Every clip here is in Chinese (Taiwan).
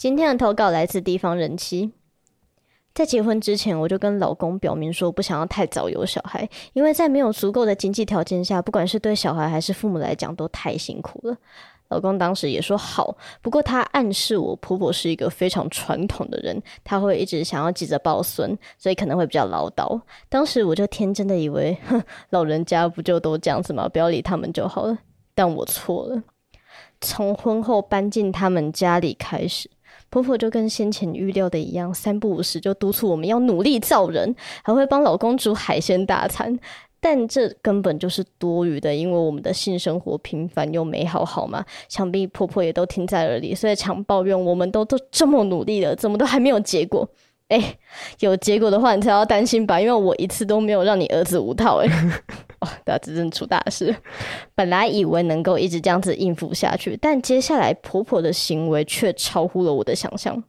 今天的投稿來自地方人妻。在結婚之前，我就跟老公表明說，不想要太早有小孩，因為在沒有足夠的經濟條件下，不管是對小孩還是父母來講，都太辛苦了。老公當時也說好，不過他暗示我婆婆是一個非常傳統的人，她會一直想要急着抱孫，所以可能會比較嘮叨。當時我就天真的以為，哼，老人家不就都這樣子嗎？不要理他們就好了。但我錯了，從婚後搬進他們家裡開始。婆婆就跟先前預料的一樣，三不五時就督促我們要努力造人，還會幫老公煮海鮮大餐。但這根本就是多餘的，因為我們的性生活平凡又美好，好嘛，想必婆婆也都聽在耳裡，所以常抱怨我們都都這麼努力了，怎麼都還沒有結果？欸，有結果的話你才要擔心吧，因為我一次都沒有讓你兒子無套欸。 哇！大家真的出大事。本來以為能夠一直這樣子應付下去，但接下來婆婆的行為卻超乎了我的想象。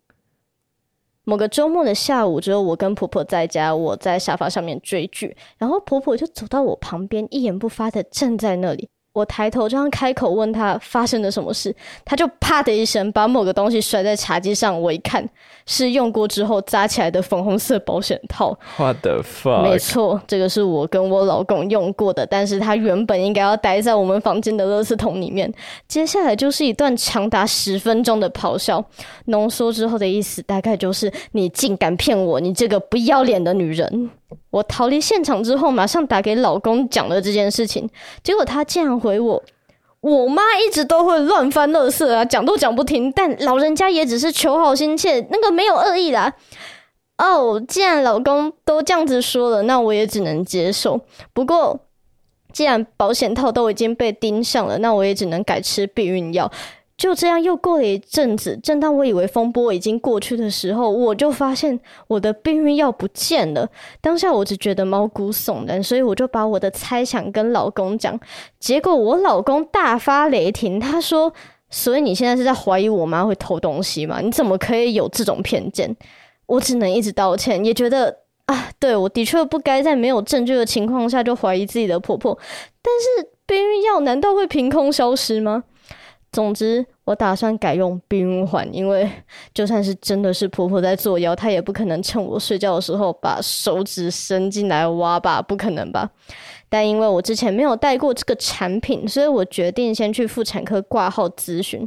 某個周末的下午之後，只有我跟婆婆在家，我在沙發上面追劇，然後婆婆就走到我旁邊，一言不發的站在那裡。我抬頭正要開口問他發生了什麼事，他就啪的一聲把某個東西摔在茶幾上。我一看是用過之後扎起來的粉紅色保險套。What the fuck？沒錯，這個是我跟我老公用過的，但是他原本應該要待在我們房間的垃圾桶裡面。接下來就是一段長達十分鐘的咆哮，濃縮之後的意思大概就是：你竟敢騙我，你這個不要臉的女人！我逃離現場之後，馬上打給老公講了這件事情，結果他竟然回我：“我媽一直都會亂翻垃圾啊，講都講不聽，但老人家也只是求好心切，那個沒有惡意啦。”哦，既然老公都這樣子說了，那我也只能接受。不過，既然保險套都已經被盯上了，那我也只能改吃避孕藥。就這樣又過了一陣子，正當我以為風波已經過去的時候，我就發現我的避孕藥不見了。當下我只覺得毛骨悚然，所以我就把我的猜想跟老公講。結果我老公大發雷霆，他說：“所以你現在是在懷疑我媽會偷東西嗎？你怎麼可以有這種偏見？”我只能一直道歉，也覺得啊，對，我的確不該在沒有證據的情況下就懷疑自己的婆婆。但是避孕藥難道會憑空消失嗎？總之，我打算改用冰環，因為就算是真的是婆婆在作妖，她也不可能趁我睡覺的時候把手指伸進來挖吧，不可能吧？但因為我之前沒有帶過這個產品，所以我決定先去婦產科掛號諮詢。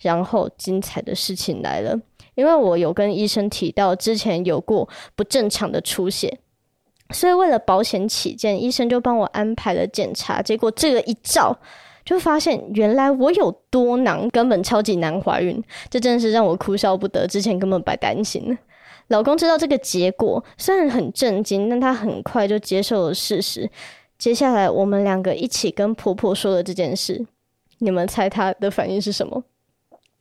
然後，精彩的事情來了，因為我有跟醫生提到之前有過不正常的出血，所以為了保險起見，醫生就幫我安排了檢查。結果，這個一照。就發現原來我有多囊，根本超級難懷孕，這真是讓我哭笑不得。之前根本白擔心了。老公知道這個結果，雖然很震驚，但他很快就接受了事實。接下來我們兩個一起跟婆婆說了這件事，你們猜他的反應是什麼？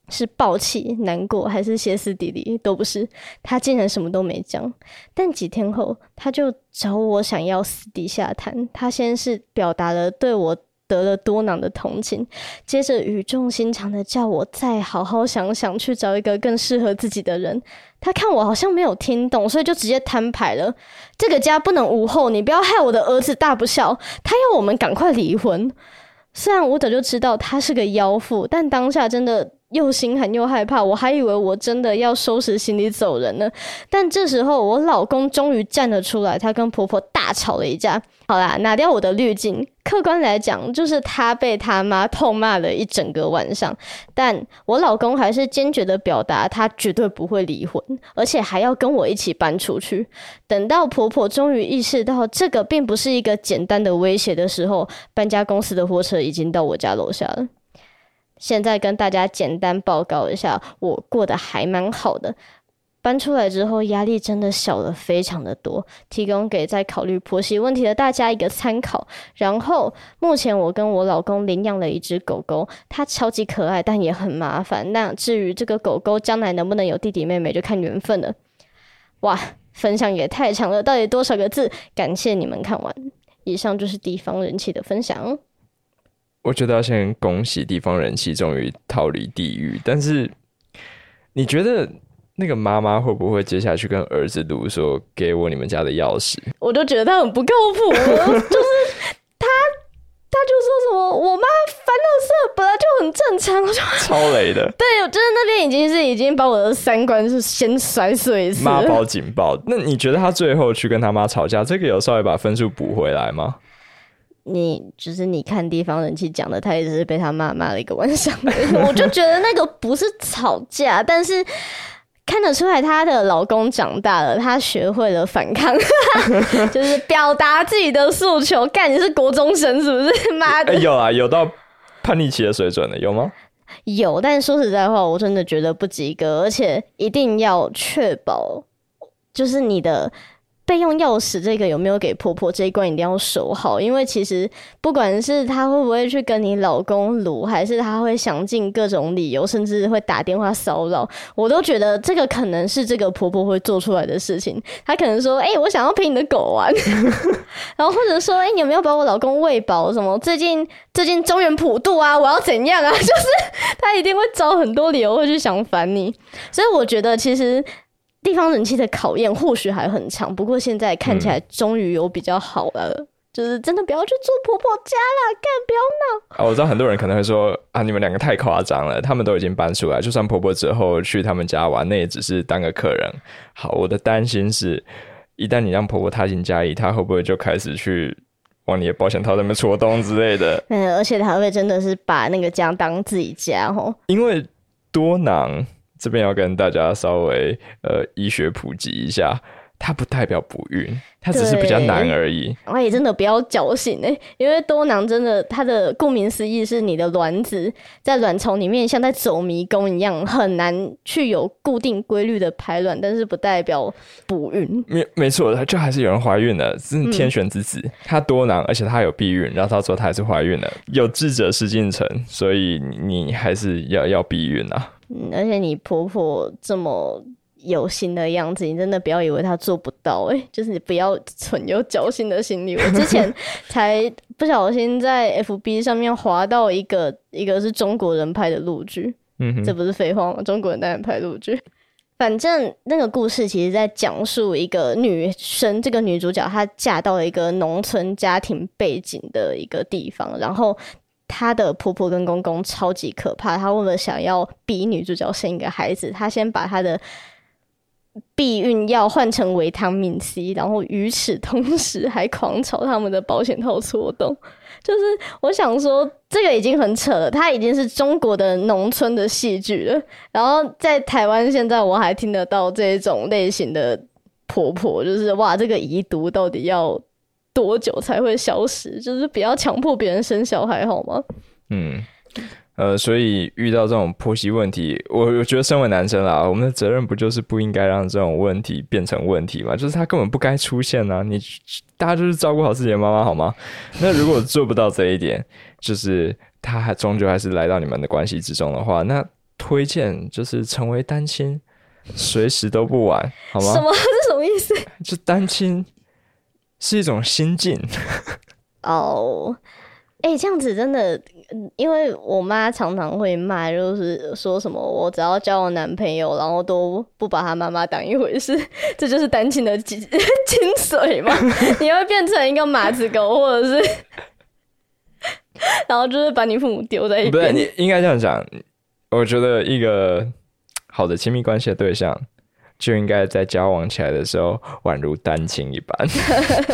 是爆氣、難過還是歇斯底里？都不是，他竟然什麼都沒講。但幾天後，他就找我想要私底下談。他先是表達了對我。得了多囊的同情，接着語重心長的叫我再好好想想，去找一個更適合自己的人。他看我好像沒有聽懂，所以就直接攤牌了：這個家不能無後，你不要害我的兒子大不孝。他要我們趕快離婚。雖然我早就知道他是個妖婦，但當下真的。又心寒又害怕，我還以為我真的要收拾行李走人呢。但這時候，我老公終於站了出來，他跟婆婆大吵了一架。好啦，拿掉我的濾鏡，客觀來講，就是他被他媽痛罵了一整個晚上。但我老公還是堅決的表達，他絕對不會離婚，而且還要跟我一起搬出去。等到婆婆終於意識到這個並不是一個簡單的威脅的時候，搬家公司的貨車已經到我家樓下了。現在跟大家簡單報告一下，我過得還蠻好的。搬出來之後，壓力真的小了，非常的多，提供給在考慮婆媳問題的大家一個參考。然後，目前我跟我老公領養了一隻狗狗，它超級可愛，但也很麻煩。那至於這個狗狗將來能不能有弟弟妹妹，就看緣分了。哇，分享也太長了，到底多少個字？感謝你們看完。以上就是地方人妻的分享。我覺得要先恭喜地方人妻終於逃離地獄，但是你覺得那個媽媽會不會接下去跟兒子讀說：“給我你們家的鑰匙？”我就覺得他很不靠譜，我就是 他他就說什麼：“我媽煩到事本來就很正常。”我就超雷的，對，我覺得那邊已經是已經把我的三觀是先摔碎一次。媽寶警報。那你覺得他最後去跟他媽吵架，這個有稍微把分數補回來嗎？你就是你看地方人妻講的，他也只是被他媽罵了一個晚上。我就覺得那個不是吵架， 但是看得出來他的老公長大了，他學會了反抗， 就是表達自己的訴求。幹，你是國中生是不是？媽的，欸、有啊，有到叛逆期的水準了，有嗎？有，但說實在話，我真的覺得不及格，而且一定要確保，就是你的。備用鑰匙這個有沒有給婆婆？這一關一定要守好，因為其實不管是她會不會去跟你老公盧，還是她會想盡各種理由，甚至會打電話騷擾，我都覺得這個可能是這個婆婆會做出來的事情。她可能說：“誒、欸，我想要陪你的狗玩。” 然後或者說：“誒、欸，你有沒有把我老公餵飽？什麼最近最近中元普渡啊？我要怎樣啊？”就是她一定會找很多理由會去想煩你。所以我覺得其實。地方人妻的考驗或許還很長，不過現在看起來終於有比較好了，嗯、就是真的不要去住婆婆家了，幹不要鬧。我知道很多人可能會說啊，你們兩個太誇張了，他們都已經搬出來，就算婆婆之後去他們家玩，那也只是當個客人。好，我的擔心是，一旦你讓婆婆踏進家裡，她會不會就開始去往你的保險套上面戳洞之類的？嗯，而且她會真的是把那個家當自己家哦，因為多囊。這邊要跟大家稍微呃醫學普及一下，它不代表不孕，它只是比較難而已。也，哎，真的不要僥倖，欸，因為多囊真的它的顧名思義是你的卵子在卵巢裡面像在走迷宮一樣，很難去有固定規律的排卵，但是不代表不孕。沒沒錯，就還是有人懷孕了，是天選之子。嗯，它多囊，而且它有避孕，然後他說它還是懷孕了。有志者事竟成，所以你還是要要避孕啊。嗯、而且你婆婆這麼有心的樣子，你真的不要以為她做不到誒、欸，就是你不要存有僥倖的心理。 我之前才不小心在 FB 上面滑到一個，一個是中國人拍的陸劇，嗯、哼這不是廢話嗎？中國人當然拍陸劇， 反正那個故事其實在講述一個女生，這個女主角她嫁到了一個農村家庭背景的一個地方，然後。她的婆婆跟公公超級可怕，她為了想要逼女主角生一個孩子，她先把她的避孕藥換成維他命 C，然後與此同時還狂炒他們的保險套戳洞，就是我想說，這個已經很扯了，她已經是中國的農村的戲劇了。然後在台灣現在我還聽得到這種類型的婆婆，就是哇，這個遺毒到底要多久才會消失？就是不要強迫別人生小孩，好嗎？嗯，呃，所以遇到這種婆媳問題，我我覺得身為男生啊，我們的責任不就是不應該讓這種問題變成問題嗎？就是他根本不該出現啊。你大家就是照顧好自己的媽媽，好嗎？那如果做不到這一點， 就是他還終究還是來到你們的關係之中的話，那推薦就是成為單親，隨時都不晚，好嗎？什麼？這什麼意思？就單親。是一種心境哦，哎，這樣子真的，因為我媽常常會罵，就是說什麼我只要交我男朋友，然後都不把他媽媽當一回事，這就是單親的精精髓嘛？你會變成一個馬子狗，或者是，然後就是把你父母丟在一邊。不，你應該這樣講，我覺得一個好的親密關係的對象。就應該在交往起來的時候，宛如單親一般。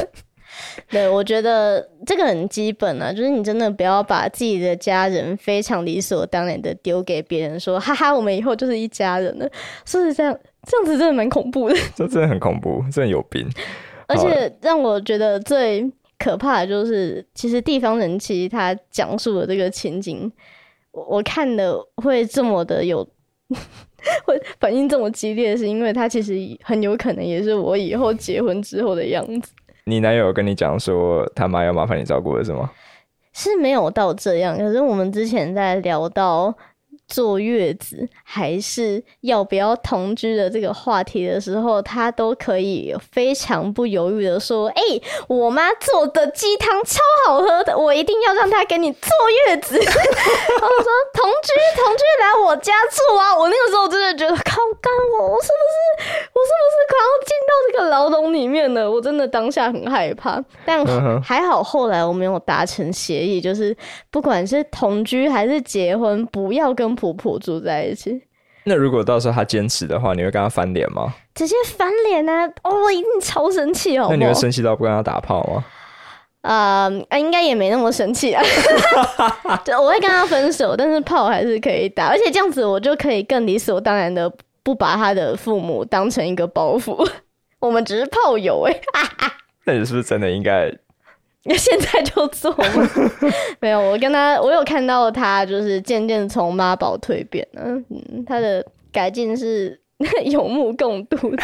對，我覺得這個很基本啊，就是你真的不要把自己的家人非常理所當然的丟給別人說，說哈哈，我們以後就是一家人了。說是這樣，這樣子真的蠻恐怖的，說真的很恐怖，真的有病。而且讓我覺得最可怕的就是，其實地方人妻他講述的這個情景，我我看的會這麼的有。 會 反應這麼激烈，是因為他其實很有可能也是我以後結婚之後的樣子。你男友跟你講說他媽要麻煩你照顧了，是嗎？是沒有到這樣，可是我們之前在聊到。坐月子還是要不要同居的這個話題的時候，他都可以非常不猶豫的說：“哎、欸，我媽做的雞湯超好喝的，我一定要讓她給你坐月子。”然後 說：“同居，同居來我家住啊！”我那個時候真的覺得好幹我，我我是不是我是不是快要進到這個牢籠裡面了？我真的當下很害怕，但還好後來我們有達成協議，就是不管是同居還是結婚，不要跟婆婆住在一起，那如果到時候他堅持的話，你會跟他翻臉嗎？直接翻臉啊！哦，一定超生氣，哦。那你會生氣到不跟他打炮嗎？啊，um, 應該也沒那麼生氣啊。就， 我會跟他分手， 但是炮還是可以打，而且這樣子我就可以更理所當然的不把他的父母當成一個包袱。 我們只是炮友哎、欸。 那你是不是真的應該？現在就做嗎？ 沒有，我跟他，我有看到他，就是漸漸從媽寶蛻變了、嗯。他的改進是有目共睹的，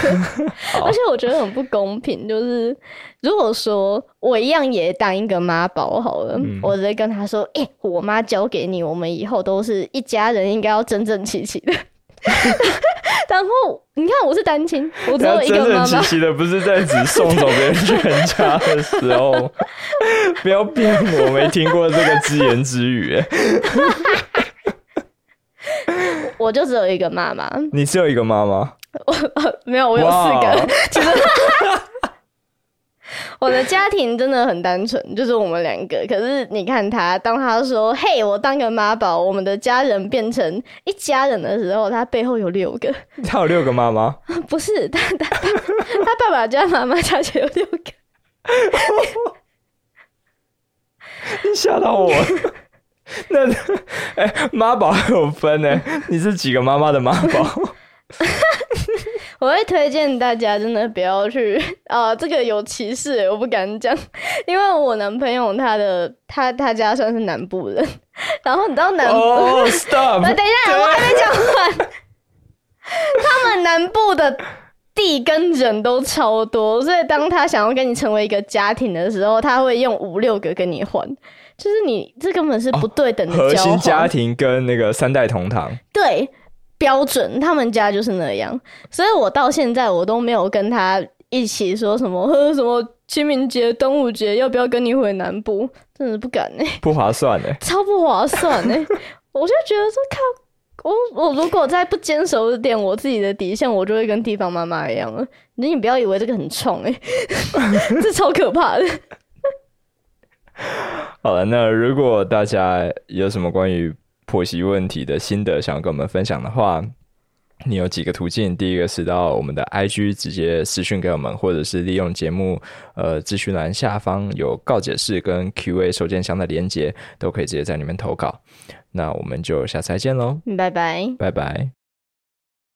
好而且我覺得很不公平。就是如果說我一樣也當一個媽寶好了，嗯、我直接跟他說：“誒、欸，我媽交給你，我們以後都是一家人，應該要整整齊齊的。 ”然後你看，我是單親，我只有一個媽媽。真正其其的不是在只送走別人全家的時候， 不要騙我，沒聽過這個自言自語。我就只有一個媽媽，你只有一個媽媽？我、啊、沒有，我有四個。Wow. 我的家庭真的很單純，就是我們兩個。可是你看他，當他說“嘿，我當個媽寶，我們的家人變成一家人”的時候，他背後有六個，他有六個媽媽？嗯，不是，他他他，他爸爸加媽媽加起來有六個， 你嚇到我了。 那媽寶、欸、還有分呢？你是幾個媽媽的媽寶？ 我會推薦大家，真的不要去啊！這個有歧視、欸，我不敢講，因為我男朋友他的他他家算是南部人，然後你知道南部 stop，等一下，我跟你講他們南部的地跟人都超多，所以當他想要跟你成為一個家庭的時候，他會用五六個跟你換，就是你這根本是不對等的交換，哦。核心家庭跟那個三代同堂，對。標準，他們家就是那樣，所以我到現在我都沒有跟他一起說什麼，什麼清明節、端午節要不要跟你回南部，真的不敢哎、欸，不划算哎、欸，超不划算哎、欸， 我就覺得說靠，我我如果再不堅守一點我自己的底線，我就會跟地方媽媽一樣了。你不要以為這個很衝哎、欸， 這超可怕的 。 好了，那如果大家有什麼關於。婆媳問題的心得，想要跟我們分享的話，你有幾個途徑。第一個是到我們的 IG 直接私訊給我們，或者是利用節目呃資訊欄下方有告解室跟 Q&A 收件箱的連接，都可以直接在裡面投稿。那我們就下次再見嘍，拜拜，拜拜。